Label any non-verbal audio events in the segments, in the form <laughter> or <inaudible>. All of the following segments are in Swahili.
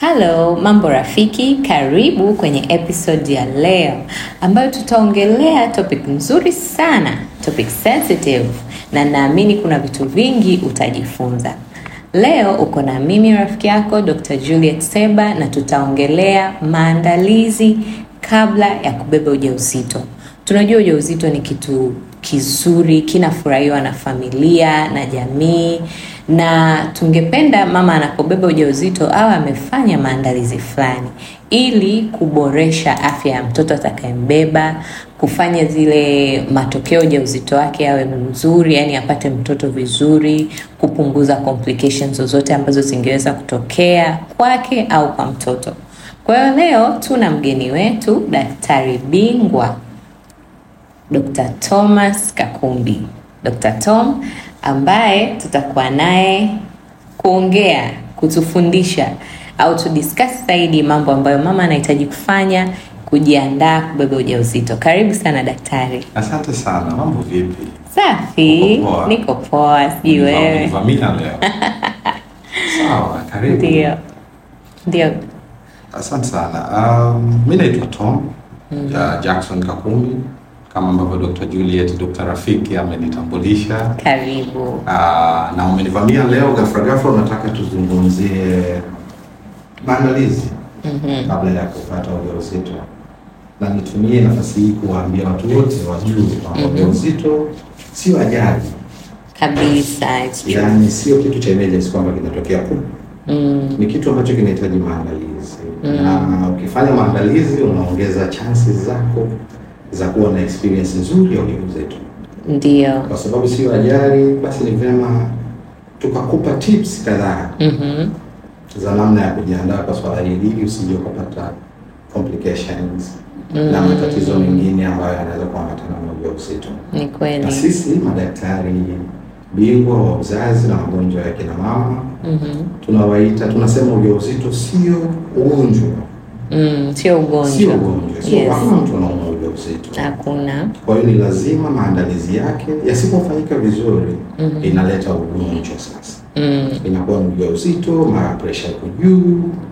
Halo, mambo rafiki, karibu kwenye episode ya leo ambayo tutaongelea topic nzuri sana, topic sensitive, na naamini kuna vitu vingi utajifunza. Leo uko na mimi rafiki yako Dr. Juliet Seba na tutaongelea maandalizi kabla ya kubeba ujauzito. Tunajua ujauzito ni kitu kizuri, kinafurahiwa na familia na jamii na tungependa mama anapobeba ujauzito au amefanya maandalizi fulani ili kuboresha afya ya mtoto atakayembeba, kufanya zile matokeo uzito wake awe mzuri, yani apate mtoto vizuri, kupunguza complications zozote ambazo zingeweza kutokea kwake au kwa mtoto. Kwa hiyo leo tuna mgeni wetu daktari bingwa Dr. Thomas Kakumbi. Dr. Tom ambaye tutakuwa naye kuongea, kutufundisha au tudiscuss zaidi mambo ambayo mama anahitaji kufanya kujiandaa kubeba ujauzito. Karibu sana daktari. Asante sana. Mambo vipi? Safi, niko poa. Sijui wewe. <laughs> Sawa, karibu. Ndio, ndio. Asante sana. Um, mi naitwa Tom mm. ja Jackson kakumi kama ambavyo Dr. Juliet Dr. Rafiki amenitambulisha. Karibu. Aa, ah, na umenivamia leo ghafla ghafla, unataka tuzungumzie maandalizi mm -hmm. kabla ya kupata ujauzito, na nitumie nafasi hii kuwaambia watu wote wajue kwamba mhm. ujauzito sio ajali kabisa, yaani sio kitu cha emergency kwamba kinatokea ku Mm. Ni kitu ambacho kinahitaji maandalizi mm. na ukifanya maandalizi unaongeza chances zako za kuwa na experience nzuri ya elimu Ndio, kwa sababu sio ajali, basi ni vyema tukakupa tips kadhaa mm -hmm. za namna ya kujiandaa kwa swala hili ili usije ukapata complications Mm. na matatizo mengine ambayo yanaweza kuambatana na ujauzito. Ni kweli. Na sisi madaktari bingwa wa uzazi na magonjwa ya kina mama mm -hmm. tunawaita, tunasema ujauzito sio ugonjwa mm, sio ugonjwa, sio ugonjwa, sio yes. Hakuna mtu anaumwa ujauzito. Hakuna. Kwa hiyo ni lazima maandalizi yake yasipofanyika vizuri mm -hmm. inaleta ugonjwa sasa mm. inakuwa ni ujauzito, mara presha iko juu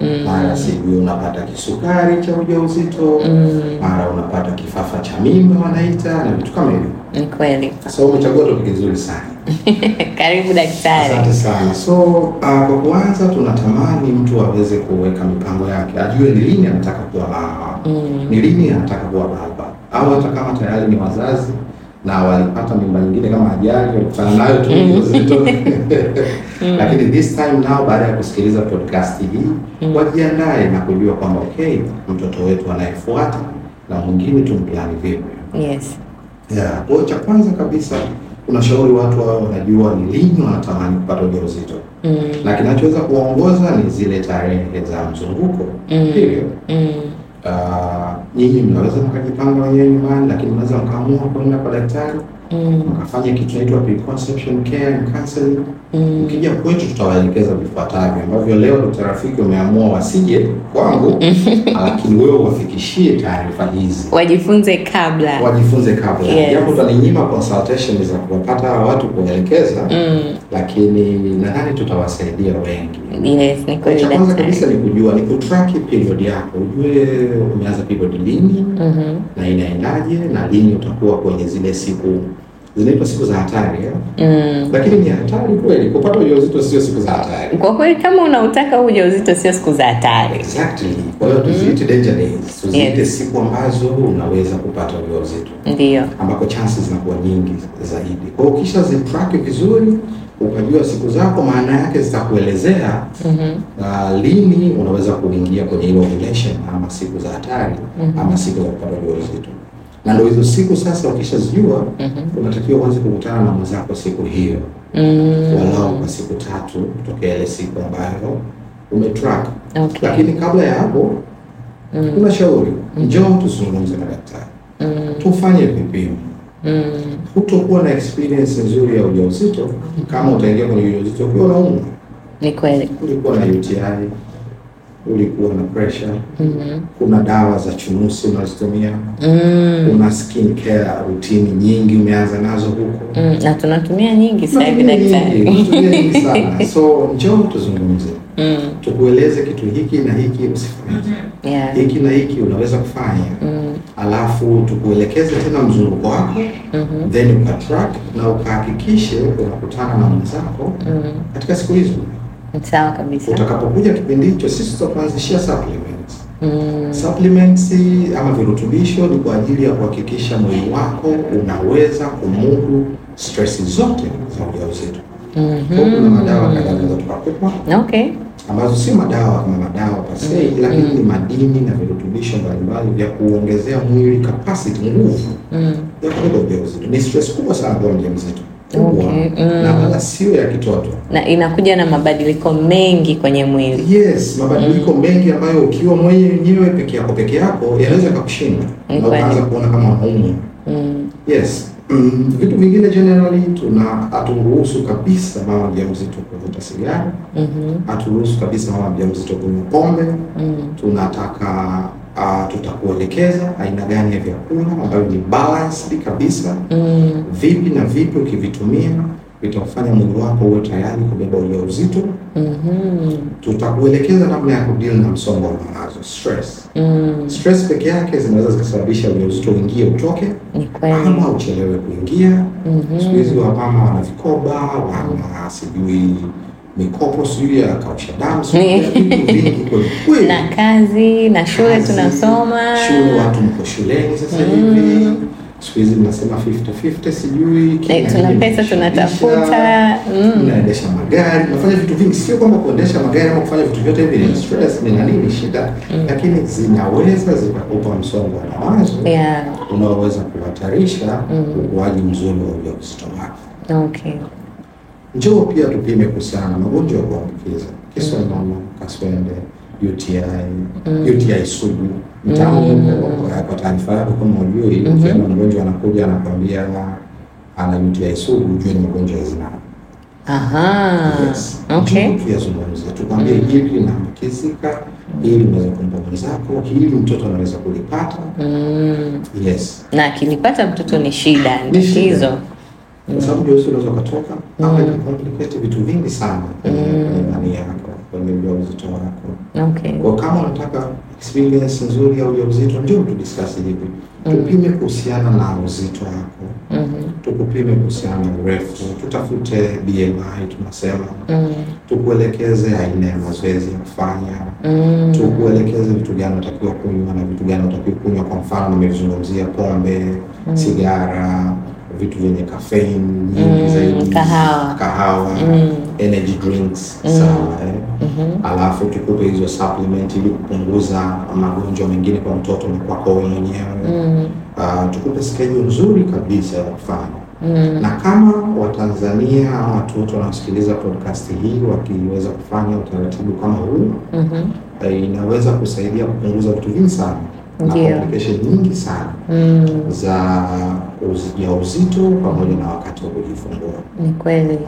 mm. mara sijui unapata kisukari cha ujauzito mm. mara unapata kifafa cha mimba wanaita na vitu kama hivyo. Ni kweli. So umechagua topic nzuri sana <laughs> karibu daktari. Asante sana. So uh, kwa uh, tunatamani mtu aweze kuweka mipango yake, ajue ni lini anataka kuwa mama mm. ni lini anataka kuwa baba au hata kama tayari ni wazazi na walipata mimba nyingine kama ajali walikutana nayo tu mhm. uzito, <laughs> <laughs> lakini this time nao, baada ya kusikiliza podcast hii, mhm. wajiandae na kujua kwamba okay, mtoto wetu anayefuata na mwingine tumplani vipi. Yes, yeah. Kwa cha kwanza kabisa unashauri watu wao wanajua ni lini wanatamani kupata ujauzito mm. na kinachoweza kuwaongoza ni zile tarehe za mzunguko mm. mm nyinyi mnaweza mkajipanga wenyewe nyumbani, lakini mnaweza mkaamua kwenda kwa daktari mm. mkafanya mm. kitu naitwa preconception care and counseling mm. Ukija kwetu tutawaelekeza vifuatavyo ambavyo leo Dr. Rafiki umeamua wasije kwangu, <laughs> lakini wewe wafikishie taarifa hizi, wajifunze kabla, wajifunze kabla yes. Japo tutaninyima consultation za kuwapata hawa watu kuwaelekeza mm. lakini nadhani tutawasaidia wengi kwanza kabisa ni kujua ni kutraki period yako, ujue umeanza period lini mm -hmm. na inaendaje na lini utakuwa kwenye zile siku zinaitwa siku za hatari eh? mm. Lakini ni hatari kweli kupata ujauzito, sio siku za hatari kwa kweli. Kama unautaka ujauzito, sio siku za hatari exactly. Kwa hiyo mhm. tuziite danger days, tuziite siku ambazo unaweza kupata ujauzito, ndio ambako chances zinakuwa nyingi zaidi. Kwa hiyo ukisha zitrack vizuri ukajua siku zako, maana yake zitakuelezea mm -hmm. uh, lini unaweza kuingia kwenye hiyo ovulation ama siku za hatari mm -hmm. ama siku za kupata ujauzito, na ndio hizo siku sasa ukishazijua mm -hmm. unatakiwa uanze kukutana na mwenzako siku hiyo mm -hmm. walau kwa siku tatu kutokea ile siku ambayo umetrack okay. Lakini kabla ya hapo mm -hmm. shauri, mm. njoo tuzungumze na daktari mm -hmm. tufanye vipimo mm -hmm hutokuwa na experience nzuri ya ujauzito kama utaingia kwenye ujauzito ukiwa unaumwa. Ni kweli, ulikuwa na UTI, ulikuwa na pressure mm -hmm. kuna dawa za chunusi unazitumia mm. kuna skin care routine nyingi umeanza nazo huko mm. na tunatumia nyingi sasa hivi daktari, tunatumia nyingi sana <laughs> so njoo tuzungumze mm. tukueleze kitu hiki na hiki usifanye, mm-hmm. yeah. hiki na hiki unaweza kufanya mm. alafu tukuelekeze tena mzunguko wako mm -hmm. then ukatrack na ukahakikishe unakutana na mwenzako mm. katika siku hizo. Sawa kabisa. Utakapokuja kipindi hicho, sisi tutakuanzishia supplements. Mm. Supplements ama virutubisho ni kwa ajili ya kuhakikisha mwili wako unaweza kumudu stress zote za ujauzito. Mm -hmm. Kuna madawa kadhaa tukakupa. Okay ambazo si madawa kama madawa pasei mm. lakini ni madini na virutubisho mbalimbali vya kuongezea mwili capacity, nguvu mm. ya kubeba ujauzito. Ni stress kubwa sana kwa mjamzito kubwa okay. mm. na wala sio ya kitoto, na inakuja na mabadiliko mengi kwenye mwili. Yes, mabadiliko mm. mengi ambayo ukiwa mwenyewe peke yako peke yako yanaweza yakakushinda na ukaanza kuona kama unaumwa. mm. Yes Mm, vitu vingine generally tuna haturuhusu kabisa mama mjamzito kuvuta sigara, mhm. haturuhusu mm -hmm. kabisa mama mjamzito kunywa pombe mm -hmm. tunataka uh, tutakuelekeza aina gani ya vyakula ambavyo ni balanced kabisa mm -hmm. vipi na vipi ukivitumia itafanya mwili wako uwe tayari kubeba ujauzito. mm -hmm. Tutakuelekeza namna ya kudeal na msongo wa mawazo stress. mm. Stress peke yake zinaweza zikasababisha ujauzito uingie utoke, ama uchelewe kuingia. Mm-hmm. Siku hizi mama wana vikoba, wana sijui mikopo sijui ya kausha damu <laughs> vingi na kazi na shule tunasoma shule, watu mko shuleni sasa mm. hivi mm siku hizi mnasema 50-50 sijui tuna pesa tunatafuta, mnaendesha mm. magari, nafanya vitu vingi. Sio kwamba kuendesha magari ama kufanya vitu vyote hivi ni stress, ni nani, ni shida mm. lakini zinaweza zikakupa msongo wa mawazo yeah. unaoweza kuhatarisha mm. ukuaji mzuri wa ujauzito wako. Okay. Njoo pia tupime kuhusiana na magonjwa ya kuambukiza, kisonono, mm. kaswende UTI mm. UTI sugu mtaalamu mm. kwa taarifa yako, kama ujui mm -hmm. mgonjwa anakuja anakwambia ana UTI sugu, ujue ni mgonjwa wa zinaa. Aha, yes. Okay, tuyazungumzia tukwambie mm. hili linaambukizika hili unaweza kumpa mwenzako, hili mtoto anaweza kulipata mm. yes, na akilipata mtoto ni shida, ni tatizo kwa sababu jeusi mm. unaweza ukatoka mm. ama ni vitu vingi sana kwenye mm kwenye uzito wako. Okay. Kwa kama unataka experience nzuri ya ujauzito, ndio tu discuss hivi. Mm-hmm. Tupime kuhusiana na uzito wako. Mm -hmm. Tukupime kuhusiana na urefu, tutafute BMI tunasema. Mm Tukuelekeze aina ya mazoezi ya kufanya. Mm Tukuelekeze vitu gani unatakiwa kunywa na vitu gani unatakiwa kunywa, kwa mfano nimezungumzia pombe, mm -hmm. sigara, vitu vyenye caffeine nyingi mm -hmm. zaidi, kahawa, kahawa. Mm -hmm energy drinks mm. sawa eh? mm-hmm. alafu tukupe hizo supplement ili kupunguza magonjwa mengine kwa mtoto ni kwako mwenyewe mm. Mm-hmm. uh, ah, tukupe skeju nzuri kabisa ya kufanya Mm. Na kama Watanzania watu wote wanaosikiliza podcast hii wakiweza kufanya utaratibu kama huu mm-hmm. Eh, inaweza kusaidia kupunguza vitu vingi sana yeah. nyingi sana mm. za uzito pamoja na wakati wa kujifungua. Ni kweli.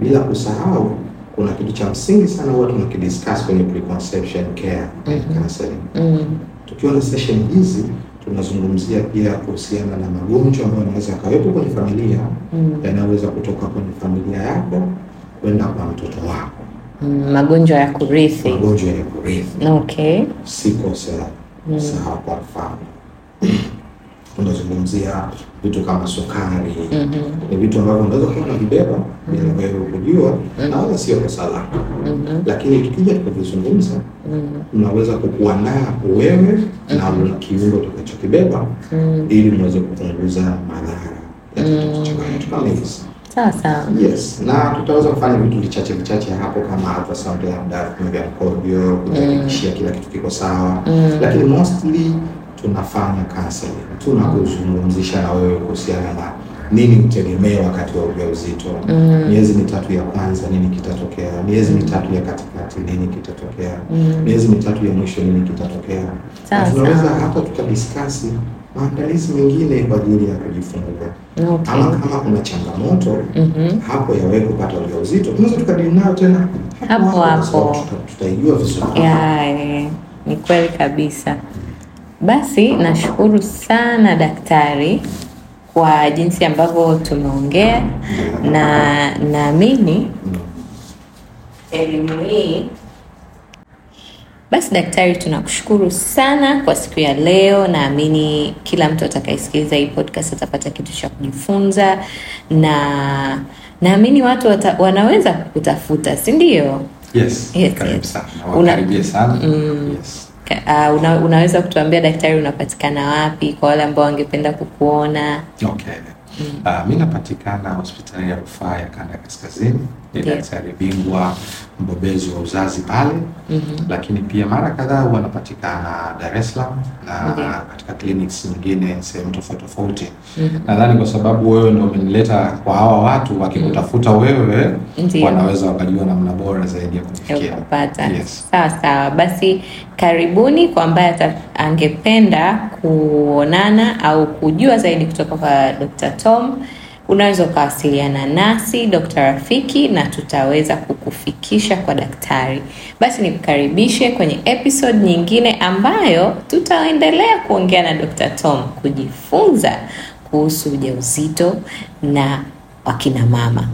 Bila kusahau kuna kitu cha msingi sana huwa tunakidiscuss kwenye preconception care mm -hmm. counseling. Mm. Tukiwa na session hizi tunazungumzia pia kuhusiana na magonjwa ambayo yanaweza yakawepo kwenye familia mm. yanayoweza kutoka kwenye familia yako kwenda kwa mtoto wako. Mm, magonjwa ya kurithi. Magonjwa ya kurithi. Okay. Sickle cell Mm. sawa kwa mfano <coughs> tunazungumzia vitu kama sukari mm-hmm. ni vitu ambavyo unaweza kuwa unavibeba mm-hmm. bila wewe kujua mm-hmm. na wala sio salama lakini tukija tukavizungumza unaweza kukuandaa wewe mm na kiungo utakachokibeba ili mweze kupunguza madhara ya mm kama hizi sasa yes, na tutaweza kufanya vitu vichache vichache hapo kama ultrasound ya muda vipimo vya mkojo kuhakikishia mm. kila kitu kiko sawa mm. lakini mostly tunafanya counseling, tunakuzungumzisha na wewe kuhusiana na nini utegemee wakati wa ujauzito mm. miezi mitatu ya kwanza nini kitatokea, miezi mitatu ya katikati nini kitatokea mm. miezi mitatu ya mwisho nini kitatokea, tunaweza hata tukadiskasi maandalizi mengine kwa ajili ya kujifungua. Okay. Ama kama kuna changamoto mm -hmm. hapo ya wewe kupata ujauzito tunaweza tukadili nayo tena hapo hapo, tutaijua vizuri. Ni kweli kabisa. Basi nashukuru sana daktari kwa jinsi ambavyo tumeongea mm-hmm. na naamini mm-hmm. elimu hii basi daktari, tunakushukuru sana kwa siku ya leo. Naamini kila mtu atakayesikiliza hii podcast atapata kitu cha kujifunza, na naamini watu wata, wanaweza kukutafuta, si ndio? Yes, yes, yes. Una, mm, yes. Uh, una, unaweza kutuambia daktari, unapatikana wapi kwa wale ambao wangependa kukuona? Okay. Mm. Uh, mi napatikana hospitali ya rufaa ya kanda ya kaskazini ni daktari bingwa mbobezi wa uzazi pale mm -hmm. Lakini pia mara kadhaa huwa anapatikana Dar es Salaam na okay. katika clinics nyingine sehemu tofauti tofauti mm -hmm. Nadhani kwa sababu wewe ndio umenileta kwa hawa watu, wakikutafuta mm -hmm. wewe Ndiyo. wanaweza wakajua namna bora zaidi ya kufikia Yes. Sawa sawa, basi karibuni kwa ambaye angependa kuonana au kujua zaidi kutoka kwa Dr. Tom. Unaweza ukawasiliana nasi Dokta Rafiki na tutaweza kukufikisha kwa daktari. Basi nikukaribishe kwenye episode nyingine ambayo tutaendelea kuongea na Dokta Tom kujifunza kuhusu ujauzito na wakina mama.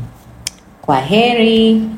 Kwa heri.